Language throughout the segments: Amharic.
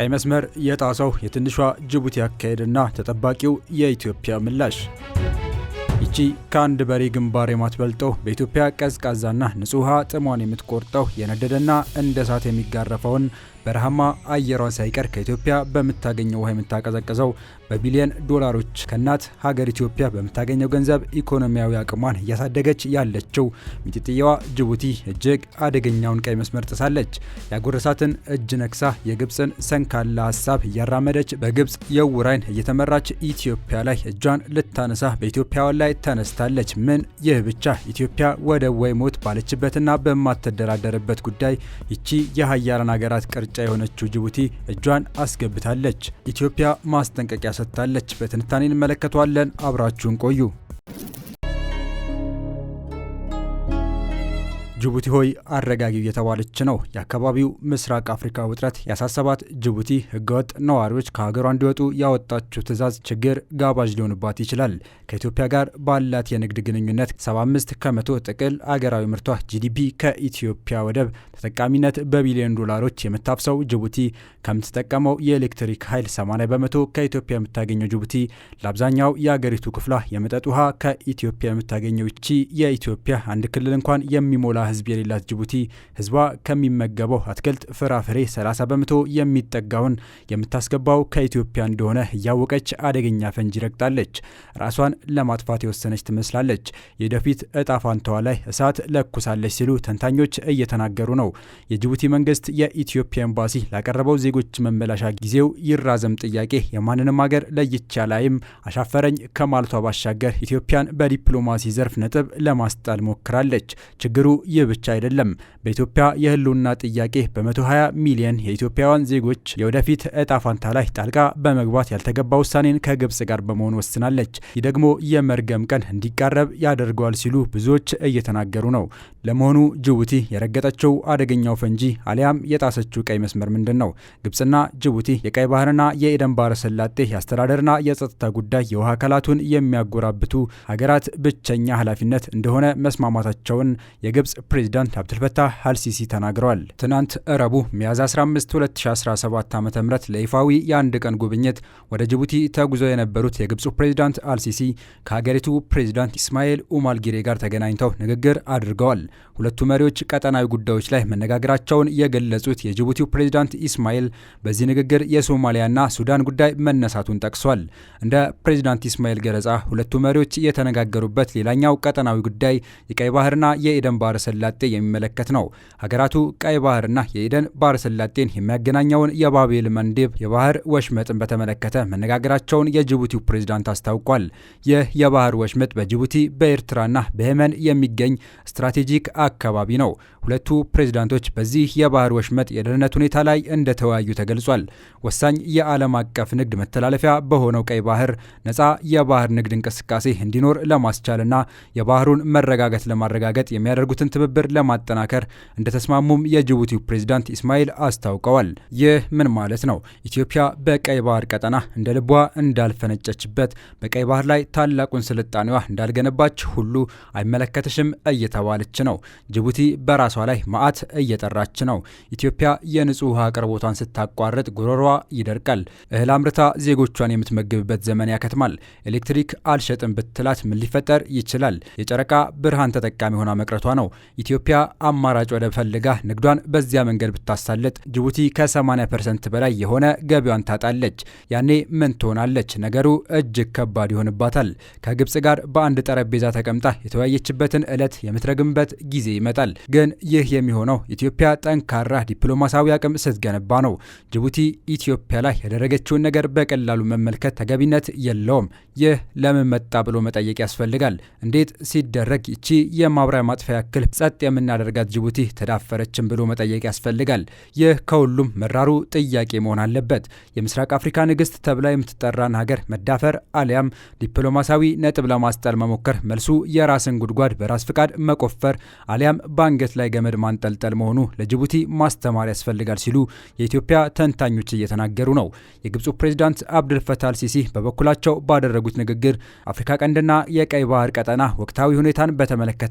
ቀይ መስመር የጣሰው የትንሿ ጅቡቲ አካሄድና ተጠባቂው የኢትዮጵያ ምላሽ ይቺ ከአንድ በሬ ግንባር የማትበልጠው በኢትዮጵያ ቀዝቃዛና ንጹህ ውሃ ጥሟን የምትቆርጠው የነደደና እንደ እሳት የሚጋረፈውን በረሃማ አየሯን ሳይቀር ከኢትዮጵያ በምታገኘው ውሃ የምታቀዘቅዘው በቢሊየን ዶላሮች ከእናት ሀገር ኢትዮጵያ በምታገኘው ገንዘብ ኢኮኖሚያዊ አቅሟን እያሳደገች ያለችው ሚጢጥየዋ ጅቡቲ እጅግ አደገኛውን ቀይ መስመር ጥሳለች። ያጎረሳትን እጅ ነክሳ የግብፅን ሰንካላ ሀሳብ እያራመደች በግብፅ የውራይን እየተመራች ኢትዮጵያ ላይ እጇን ልታነሳ በኢትዮጵያውያን ላይ ተነስታለች። ምን ይህ ብቻ ኢትዮጵያ ወደ ወይ ሞት ባለችበትና በማትደራደርበት ጉዳይ ይቺ የሀያላን ሀገራት ቅር ምርጫ የሆነችው ጅቡቲ እጇን አስገብታለች። ኢትዮጵያ ማስጠንቀቂያ ሰጥታለች። በትንታኔ እንመለከተዋለን። አብራችሁን ቆዩ። ጅቡቲ ሆይ አረጋጊው እየተባለች ነው። የአካባቢው ምስራቅ አፍሪካ ውጥረት ያሳሰባት ጅቡቲ ህገወጥ ነዋሪዎች ከሀገሯ እንዲወጡ ያወጣችው ትዕዛዝ ችግር ጋባዥ ሊሆንባት ይችላል። ከኢትዮጵያ ጋር ባላት የንግድ ግንኙነት 75 ከመቶ ጥቅል አገራዊ ምርቷ ጂዲፒ ከኢትዮጵያ ወደብ ተጠቃሚነት በቢሊዮን ዶላሮች የምታፍሰው ጅቡቲ ከምትጠቀመው የኤሌክትሪክ ኃይል 80 በመቶ ከኢትዮጵያ የምታገኘው ጅቡቲ ለአብዛኛው የአገሪቱ ክፍሏ የመጠጥ ውሃ ከኢትዮጵያ የምታገኘው ይቺ የኢትዮጵያ አንድ ክልል እንኳን የሚሞላ ህዝብ የሌላት ጅቡቲ ህዝቧ ከሚመገበው አትክልት፣ ፍራፍሬ 30 በመቶ የሚጠጋውን የምታስገባው ከኢትዮጵያ እንደሆነ እያወቀች አደገኛ ፈንጂ ረግጣለች። ራሷን ለማጥፋት የወሰነች ትመስላለች። የወደፊት እጣ ፋንታዋ ላይ እሳት ለኩሳለች ሲሉ ተንታኞች እየተናገሩ ነው። የጅቡቲ መንግስት የኢትዮጵያ ኤምባሲ ላቀረበው ዜጎች መመላሻ ጊዜው ይራዘም ጥያቄ የማንንም ሀገር ለይቻ ላይም አሻፈረኝ ከማለቷ ባሻገር ኢትዮጵያን በዲፕሎማሲ ዘርፍ ነጥብ ለማስጣል ሞክራለች። ችግሩ ይህ ብቻ አይደለም። በኢትዮጵያ የህልውና ጥያቄ በ120 ሚሊዮን የኢትዮጵያውያን ዜጎች የወደፊት እጣ ፋንታ ላይ ጣልቃ በመግባት ያልተገባ ውሳኔን ከግብጽ ጋር በመሆን ወስናለች። ይህ ደግሞ የመርገም ቀን እንዲቃረብ ያደርገዋል ሲሉ ብዙዎች እየተናገሩ ነው። ለመሆኑ ጅቡቲ የረገጠችው አደገኛው ፈንጂ አሊያም የጣሰችው ቀይ መስመር ምንድን ነው? ግብጽና ጅቡቲ የቀይ ባህርና የኤደን ባህረ ሰላጤ የአስተዳደርና የጸጥታ ጉዳይ የውሃ አካላቱን የሚያጎራብቱ ሀገራት ብቸኛ ኃላፊነት እንደሆነ መስማማታቸውን የግብጽ ፕሬዚዳንት አብዱልፈታህ አልሲሲ ተናግረዋል። ትናንት እረቡ ሚያዝ 15 2017 ዓ ም ለይፋዊ የአንድ ቀን ጉብኝት ወደ ጅቡቲ ተጉዘው የነበሩት የግብፁ ፕሬዚዳንት አልሲሲ ከሀገሪቱ ፕሬዚዳንት ኢስማኤል ኡማል ጊሬ ጋር ተገናኝተው ንግግር አድርገዋል። ሁለቱ መሪዎች ቀጠናዊ ጉዳዮች ላይ መነጋገራቸውን የገለጹት የጅቡቲው ፕሬዚዳንት ኢስማኤል በዚህ ንግግር የሶማሊያና ሱዳን ጉዳይ መነሳቱን ጠቅሷል። እንደ ፕሬዚዳንት ኢስማኤል ገለጻ ሁለቱ መሪዎች የተነጋገሩበት ሌላኛው ቀጠናዊ ጉዳይ የቀይ ባህርና የኤደን ባህረ ሰላጤ ስላጤ የሚመለከት ነው። ሀገራቱ ቀይ ባህርና የኢደን ባህረ ስላጤን የሚያገናኘውን የባቤል መንዴብ የባህር ወሽመጥን በተመለከተ መነጋገራቸውን የጅቡቲው ፕሬዝዳንት አስታውቋል። ይህ የባህር ወሽመጥ በጅቡቲ በኤርትራና በየመን የሚገኝ ስትራቴጂክ አካባቢ ነው። ሁለቱ ፕሬዝዳንቶች በዚህ የባህር ወሽመጥ የደህንነት ሁኔታ ላይ እንደተወያዩ ተገልጿል። ወሳኝ የዓለም አቀፍ ንግድ መተላለፊያ በሆነው ቀይ ባህር ነፃ የባህር ንግድ እንቅስቃሴ እንዲኖር ለማስቻልና የባህሩን መረጋጋት ለማረጋገጥ የሚያደርጉትን ትብብር ትብብር ለማጠናከር እንደተስማሙም የጅቡቲው ፕሬዚዳንት ኢስማኤል አስታውቀዋል። ይህ ምን ማለት ነው? ኢትዮጵያ በቀይ ባህር ቀጠና እንደ ልቧ እንዳልፈነጨችበት፣ በቀይ ባህር ላይ ታላቁን ስልጣኔዋ እንዳልገነባች ሁሉ አይመለከተሽም እየተባለች ነው። ጅቡቲ በራሷ ላይ መዓት እየጠራች ነው። ኢትዮጵያ የንጹህ ውሃ አቅርቦቷን ስታቋርጥ ጉሮሯ ይደርቃል። እህል አምርታ ዜጎቿን የምትመግብበት ዘመን ያከትማል። ኤሌክትሪክ አልሸጥም ብትላት ምን ሊፈጠር ይችላል? የጨረቃ ብርሃን ተጠቃሚ ሆና መቅረቷ ነው። ኢትዮጵያ አማራጭ ወደብ ፈልጋ ንግዷን በዚያ መንገድ ብታሳለጥ ጅቡቲ ከ80 ፐርሰንት በላይ የሆነ ገቢዋን ታጣለች። ያኔ ምን ትሆናለች? ነገሩ እጅግ ከባድ ይሆንባታል። ከግብፅ ጋር በአንድ ጠረጴዛ ተቀምጣ የተወያየችበትን ዕለት የምትረግምበት ጊዜ ይመጣል። ግን ይህ የሚሆነው ኢትዮጵያ ጠንካራ ዲፕሎማሲያዊ አቅም ስትገነባ ነው። ጅቡቲ ኢትዮጵያ ላይ ያደረገችውን ነገር በቀላሉ መመልከት ተገቢነት የለውም። ይህ ለምን መጣ ብሎ መጠየቅ ያስፈልጋል። እንዴት ሲደረግ ይቺ የማብሪያ ማጥፊያ ያክል ጸጥ የምናደርጋት ጅቡቲ ተዳፈረችን ብሎ መጠየቅ ያስፈልጋል። ይህ ከሁሉም መራሩ ጥያቄ መሆን አለበት። የምስራቅ አፍሪካ ንግሥት ተብላ የምትጠራን ሀገር መዳፈር አሊያም ዲፕሎማሲያዊ ነጥብ ለማስጠል መሞከር መልሱ የራስን ጉድጓድ በራስ ፍቃድ መቆፈር አሊያም በአንገት ላይ ገመድ ማንጠልጠል መሆኑ ለጅቡቲ ማስተማር ያስፈልጋል ሲሉ የኢትዮጵያ ተንታኞች እየተናገሩ ነው። የግብፁ ፕሬዚዳንት አብድል ፈታ በበኩላቸው ባደረጉት ንግግር አፍሪካ ቀንድና የቀይ ባህር ቀጠና ወቅታዊ ሁኔታን በተመለከተ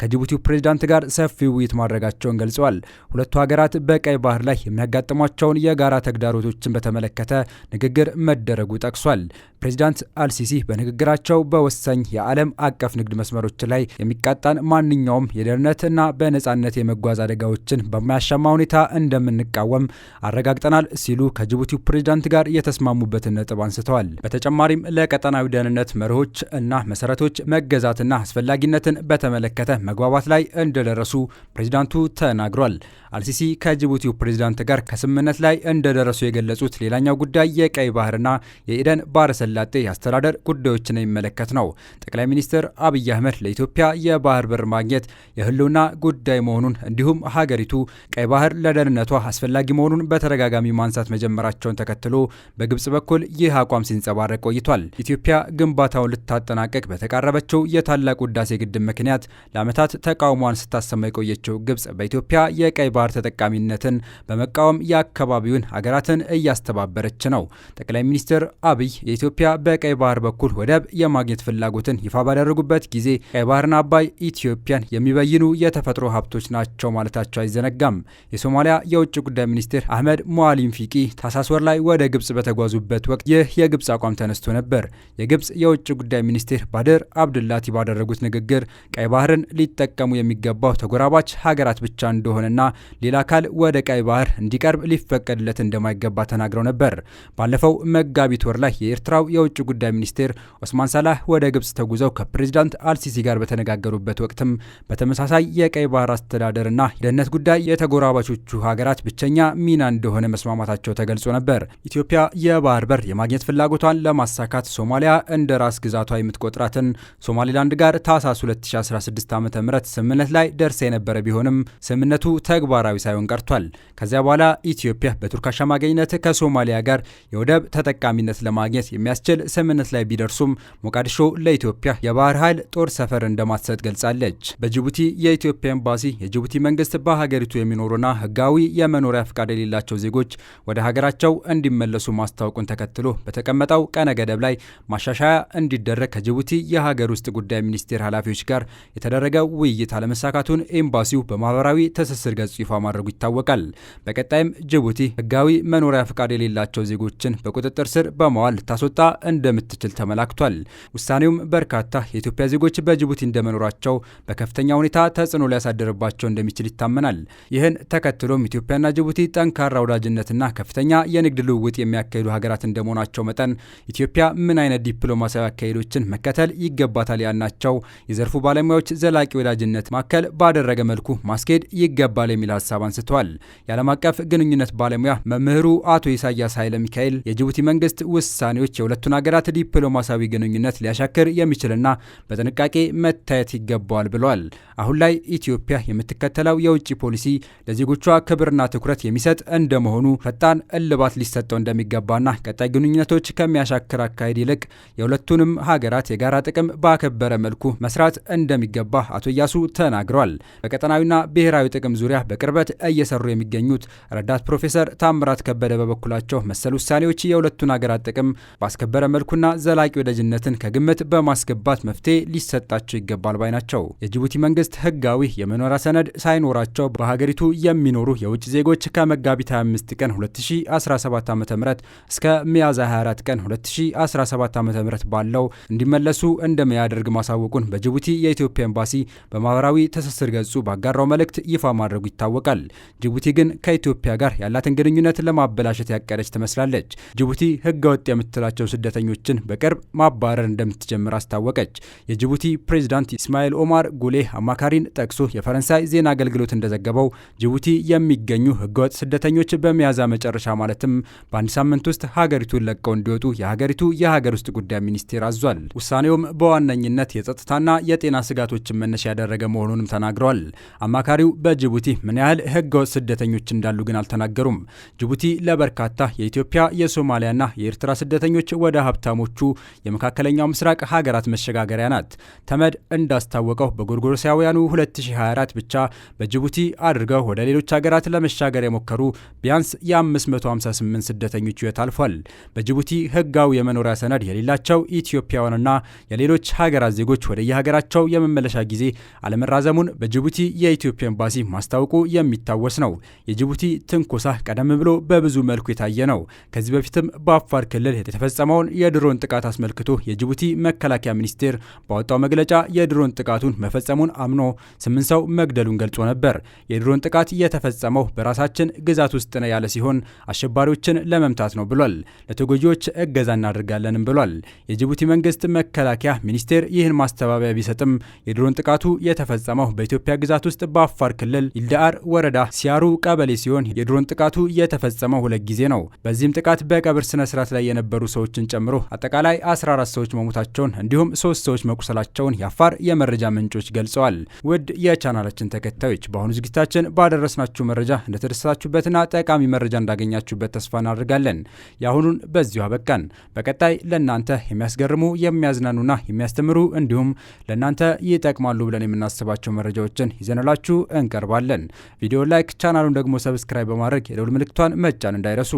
ከጅቡቲው ፕሬዚዳንት ፕሬዝዳንት ጋር ሰፊ ውይይት ማድረጋቸውን ገልጸዋል። ሁለቱ ሀገራት በቀይ ባህር ላይ የሚያጋጥሟቸውን የጋራ ተግዳሮቶችን በተመለከተ ንግግር መደረጉ ጠቅሷል። ፕሬዚዳንት አልሲሲ በንግግራቸው በወሳኝ የዓለም አቀፍ ንግድ መስመሮች ላይ የሚቃጣን ማንኛውም የደህንነት እና በነጻነት የመጓዝ አደጋዎችን በማያሻማ ሁኔታ እንደምንቃወም አረጋግጠናል ሲሉ ከጅቡቲው ፕሬዚዳንት ጋር የተስማሙበትን ነጥብ አንስተዋል። በተጨማሪም ለቀጠናዊ ደህንነት መርሆች እና መሰረቶች መገዛትና አስፈላጊነትን በተመለከተ መግባባት ላይ እንደደረሱ ፕሬዚዳንቱ ተናግሯል። አልሲሲ ከጅቡቲው ፕሬዚዳንት ጋር ከስምምነት ላይ እንደደረሱ የገለጹት ሌላኛው ጉዳይ የቀይ ባህርና የኢደን ባህረ ሰላጤ የአስተዳደር ጉዳዮችን የሚመለከት ነው። ጠቅላይ ሚኒስትር አብይ አህመድ ለኢትዮጵያ የባህር በር ማግኘት የህልውና ጉዳይ መሆኑን እንዲሁም ሀገሪቱ ቀይ ባህር ለደህንነቷ አስፈላጊ መሆኑን በተደጋጋሚ ማንሳት መጀመራቸውን ተከትሎ በግብጽ በኩል ይህ አቋም ሲንጸባረቅ ቆይቷል። ኢትዮጵያ ግንባታውን ልታጠናቀቅ በተቃረበችው የታላቁ ህዳሴ ግድብ ምክንያት ለዓመታት ተቃውሟን ድምጿን ስታሰማ የቆየችው ግብጽ በኢትዮጵያ የቀይ ባህር ተጠቃሚነትን በመቃወም የአካባቢውን ሀገራትን እያስተባበረች ነው። ጠቅላይ ሚኒስትር አብይ የኢትዮጵያ በቀይ ባህር በኩል ወደብ የማግኘት ፍላጎትን ይፋ ባደረጉበት ጊዜ ቀይ ባህርና አባይ ኢትዮጵያን የሚበይኑ የተፈጥሮ ሀብቶች ናቸው ማለታቸው አይዘነጋም። የሶማሊያ የውጭ ጉዳይ ሚኒስትር አህመድ ሞአሊም ፊቂ ታህሳስ ወር ላይ ወደ ግብጽ በተጓዙበት ወቅት ይህ የግብጽ አቋም ተነስቶ ነበር። የግብጽ የውጭ ጉዳይ ሚኒስትር ባድር አብዱላቲ ባደረጉት ንግግር ቀይ ባህርን ሊጠቀሙ የሚገ የሚገባው ተጎራባች ሀገራት ብቻ እንደሆነና ሌላ አካል ወደ ቀይ ባህር እንዲቀርብ ሊፈቀድለት እንደማይገባ ተናግረው ነበር። ባለፈው መጋቢት ወር ላይ የኤርትራው የውጭ ጉዳይ ሚኒስቴር ኦስማን ሳላህ ወደ ግብጽ ተጉዘው ከፕሬዚዳንት አልሲሲ ጋር በተነጋገሩበት ወቅትም በተመሳሳይ የቀይ ባህር አስተዳደርና የደህነት ጉዳይ የተጎራባቾቹ ሀገራት ብቸኛ ሚና እንደሆነ መስማማታቸው ተገልጾ ነበር። ኢትዮጵያ የባህር በር የማግኘት ፍላጎቷን ለማሳካት ሶማሊያ እንደ ራስ ግዛቷ የምትቆጥራትን ሶማሌላንድ ጋር ታህሳስ 2016 ዓ ም ስምምነት ላይ ደርሰ የነበረ ቢሆንም ስምምነቱ ተግባራዊ ሳይሆን ቀርቷል። ከዚያ በኋላ ኢትዮጵያ በቱርክ አሸማጋኝነት ከሶማሊያ ጋር የወደብ ተጠቃሚነት ለማግኘት የሚያስችል ስምምነት ላይ ቢደርሱም ሞቃዲሾ ለኢትዮጵያ የባህር ኃይል ጦር ሰፈር እንደማትሰጥ ገልጻለች። በጅቡቲ የኢትዮጵያ ኤምባሲ የጅቡቲ መንግስት በሀገሪቱ የሚኖሩና ህጋዊ የመኖሪያ ፍቃድ የሌላቸው ዜጎች ወደ ሀገራቸው እንዲመለሱ ማስታወቁን ተከትሎ በተቀመጠው ቀነ ገደብ ላይ ማሻሻያ እንዲደረግ ከጅቡቲ የሀገር ውስጥ ጉዳይ ሚኒስቴር ኃላፊዎች ጋር የተደረገ ውይይት አለመሰ መሳካቱን ኤምባሲው በማህበራዊ ትስስር ገጹ ይፋ ማድረጉ ይታወቃል። በቀጣይም ጅቡቲ ህጋዊ መኖሪያ ፍቃድ የሌላቸው ዜጎችን በቁጥጥር ስር በማዋል ልታስወጣ እንደምትችል ተመላክቷል። ውሳኔውም በርካታ የኢትዮጵያ ዜጎች በጅቡቲ እንደመኖራቸው በከፍተኛ ሁኔታ ተጽዕኖ ሊያሳደርባቸው እንደሚችል ይታመናል። ይህን ተከትሎም ኢትዮጵያና ጅቡቲ ጠንካራ ወዳጅነትና ከፍተኛ የንግድ ልውውጥ የሚያካሂዱ ሀገራት እንደመሆናቸው መጠን ኢትዮጵያ ምን አይነት ዲፕሎማሲያዊ አካሄዶችን መከተል ይገባታል ያልናቸው የዘርፉ ባለሙያዎች ዘላቂ ወዳጅነት ማከል ማዕከል ባደረገ መልኩ ማስኬድ ይገባል የሚል ሀሳብ አንስተዋል። የዓለም አቀፍ ግንኙነት ባለሙያ መምህሩ አቶ ኢሳያስ ኃይለ ሚካኤል የጅቡቲ መንግስት ውሳኔዎች የሁለቱን ሀገራት ዲፕሎማሲያዊ ግንኙነት ሊያሻክር የሚችልና በጥንቃቄ መታየት ይገባዋል ብለዋል። አሁን ላይ ኢትዮጵያ የምትከተለው የውጭ ፖሊሲ ለዜጎቿ ክብርና ትኩረት የሚሰጥ እንደመሆኑ ፈጣን እልባት ሊሰጠው እንደሚገባና ቀጣይ ግንኙነቶች ከሚያሻክር አካሄድ ይልቅ የሁለቱንም ሀገራት የጋራ ጥቅም ባከበረ መልኩ መስራት እንደሚገባ አቶ እያሱ ተናግረዋል። ተናግረዋል። በቀጠናዊና ብሔራዊ ጥቅም ዙሪያ በቅርበት እየሰሩ የሚገኙት ረዳት ፕሮፌሰር ታምራት ከበደ በበኩላቸው መሰል ውሳኔዎች የሁለቱን ሀገራት ጥቅም ባስከበረ መልኩና ዘላቂ ወዳጅነትን ከግምት በማስገባት መፍትሄ ሊሰጣቸው ይገባል ባይ ናቸው። የጅቡቲ መንግስት ህጋዊ የመኖሪያ ሰነድ ሳይኖራቸው በሀገሪቱ የሚኖሩ የውጭ ዜጎች ከመጋቢት 25 ቀን 2017 ዓ ም እስከ ሚያዝያ 24 ቀን 2017 ዓ ም ባለው እንዲመለሱ እንደሚያደርግ ማሳወቁን በጅቡቲ የኢትዮጵያ ኤምባሲ በማህበራዊ ትስስር ገጹ ባጋራው መልእክት ይፋ ማድረጉ ይታወቃል። ጅቡቲ ግን ከኢትዮጵያ ጋር ያላትን ግንኙነት ለማበላሸት ያቀደች ትመስላለች። ጅቡቲ ህገ ወጥ የምትላቸው ስደተኞችን በቅርብ ማባረር እንደምትጀምር አስታወቀች። የጅቡቲ ፕሬዚዳንት ኢስማኤል ኦማር ጉሌህ አማካሪን ጠቅሶ የፈረንሳይ ዜና አገልግሎት እንደዘገበው ጅቡቲ የሚገኙ ህገወጥ ስደተኞች በሚያዝያ መጨረሻ ማለትም በአንድ ሳምንት ውስጥ ሀገሪቱን ለቀው እንዲወጡ የሀገሪቱ የሀገር ውስጥ ጉዳይ ሚኒስቴር አዟል። ውሳኔውም በዋነኝነት የጸጥታና የጤና ስጋቶችን መነሻ ያደረገ መሆኑን መሆኑንም ተናግረዋል። አማካሪው በጅቡቲ ምን ያህል ህገወጥ ስደተኞች እንዳሉ ግን አልተናገሩም። ጅቡቲ ለበርካታ የኢትዮጵያ የሶማሊያና የኤርትራ ስደተኞች ወደ ሀብታሞቹ የመካከለኛው ምስራቅ ሀገራት መሸጋገሪያ ናት። ተመድ እንዳስታወቀው በጎርጎሮሳውያኑ 2024 ብቻ በጅቡቲ አድርገው ወደ ሌሎች ሀገራት ለመሻገር የሞከሩ ቢያንስ የ558 ስደተኞች ህይወት አልፏል። በጅቡቲ ህጋዊ የመኖሪያ ሰነድ የሌላቸው ኢትዮጵያውያንና የሌሎች ሀገራት ዜጎች ወደየሀገራቸው የመመለሻ ጊዜ አለመራዘ መራዘሙን በጅቡቲ የኢትዮጵያ ኤምባሲ ማስታወቁ የሚታወስ ነው። የጅቡቲ ትንኮሳ ቀደም ብሎ በብዙ መልኩ የታየ ነው። ከዚህ በፊትም በአፋር ክልል የተፈጸመውን የድሮን ጥቃት አስመልክቶ የጅቡቲ መከላከያ ሚኒስቴር ባወጣው መግለጫ የድሮን ጥቃቱን መፈጸሙን አምኖ ስምንት ሰው መግደሉን ገልጾ ነበር። የድሮን ጥቃት የተፈጸመው በራሳችን ግዛት ውስጥ ነው ያለ ሲሆን አሸባሪዎችን ለመምታት ነው ብሏል። ለተጎጂዎች እገዛ እናደርጋለንም ብሏል። የጅቡቲ መንግስት መከላከያ ሚኒስቴር ይህን ማስተባበያ ቢሰጥም የድሮን ጥቃቱ የተፈጸመው የተፈጸመው በኢትዮጵያ ግዛት ውስጥ በአፋር ክልል ይልዳአር ወረዳ ሲያሩ ቀበሌ ሲሆን የድሮን ጥቃቱ የተፈጸመው ሁለት ጊዜ ነው። በዚህም ጥቃት በቀብር ስነ ስርዓት ላይ የነበሩ ሰዎችን ጨምሮ አጠቃላይ 14 ሰዎች መሞታቸውን እንዲሁም ሶስት ሰዎች መቁሰላቸውን የአፋር የመረጃ ምንጮች ገልጸዋል። ውድ የቻናላችን ተከታዮች በአሁኑ ዝግጅታችን ባደረስናችሁ መረጃ እንደተደሰታችሁበትና ጠቃሚ መረጃ እንዳገኛችሁበት ተስፋ እናደርጋለን። የአሁኑን በዚሁ አበቃን። በቀጣይ ለእናንተ የሚያስገርሙ የሚያዝናኑና የሚያስተምሩ እንዲሁም ለእናንተ ይጠቅማሉ ብለን የምናስባቸው ያላቸው መረጃዎችን ይዘንላችሁ እንቀርባለን። ቪዲዮ ላይክ፣ ቻናሉን ደግሞ ሰብስክራይብ በማድረግ የደውል ምልክቷን መጫን እንዳይረሱ።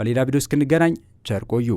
በሌላ ቪዲዮ እስክንገናኝ ቸር ቆዩ።